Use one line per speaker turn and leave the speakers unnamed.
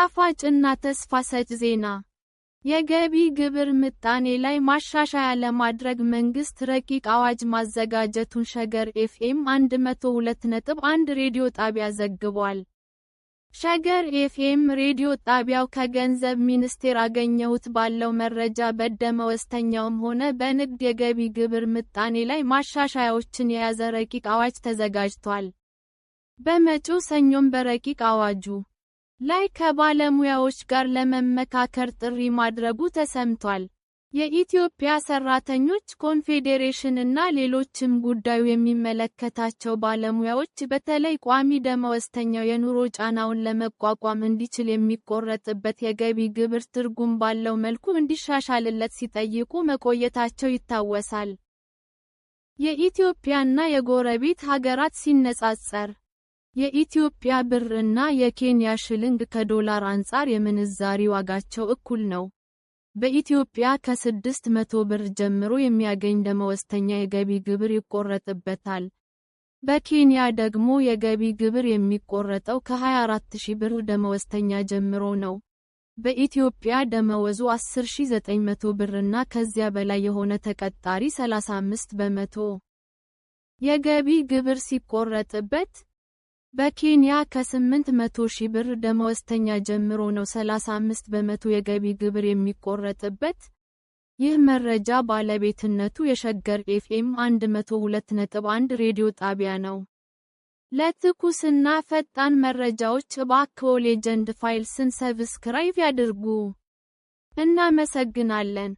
ጣፋጭና ተስፋ ሰጭ ዜና! የገቢ ግብር ምጣኔ ላይ ማሻሻያ ለማድረግ መንግስት ረቂቅ አዋጅ ማዘጋጀቱን ሸገር ኤፍኤም 102.1 ሬዲዮ ጣቢያ ዘግቧል። ሸገር ኤፍኤም ሬዲዮ ጣቢያው ከገንዘብ ሚኒስቴር አገኘሁት ባለው መረጃ በደመወዝተኛውም ሆነ በንግድ የገቢ ግብር ምጣኔ ላይ ማሻሻያዎችን የያዘ ረቂቅ አዋጅ ተዘጋጅቷል። በመጪው ሰኞም በረቂቅ አዋጁ ላይ ከባለሙያዎች ጋር ለመመካከር ጥሪ ማድረጉ ተሰምቷል። የኢትዮጵያ ሰራተኞች ኮንፌዴሬሽን እና ሌሎችም ጉዳዩ የሚመለከታቸው ባለሙያዎች በተለይ ቋሚ ደመወዝተኛው የኑሮ ጫናውን ለመቋቋም እንዲችል የሚቆረጥበት የገቢ ግብር ትርጉም ባለው መልኩ እንዲሻሻልለት ሲጠይቁ መቆየታቸው ይታወሳል። የኢትዮጵያና የጎረቤት ሀገራት ሲነጻጸር የኢትዮጵያ ብር እና የኬንያ ሽልንግ ከዶላር አንጻር የምንዛሪ ዋጋቸው እኩል ነው። በኢትዮጵያ ከስድስት 600 ብር ጀምሮ የሚያገኝ ደመወስተኛ የገቢ ግብር ይቆረጥበታል። በኬንያ ደግሞ የገቢ ግብር የሚቆረጠው ከ24000 ብር ደመወዝተኛ ጀምሮ ነው። በኢትዮጵያ ደመወዙ 10900 እና ከዚያ በላይ የሆነ ተቀጣሪ 35 በመቶ የገቢ ግብር ሲቆረጥበት በኬንያ ከ800 ሺህ ብር ደመወዝተኛ ጀምሮ ነው 35 በመቶ የገቢ ግብር የሚቆረጥበት። ይህ መረጃ ባለቤትነቱ የሸገር ኤፍኤም 102.1 ሬዲዮ ጣቢያ ነው። ለትኩስና ፈጣን መረጃዎች እባክዎ ሌጀንድ ፋይልስን ሰብስክራይብ ያድርጉ። እናመሰግናለን።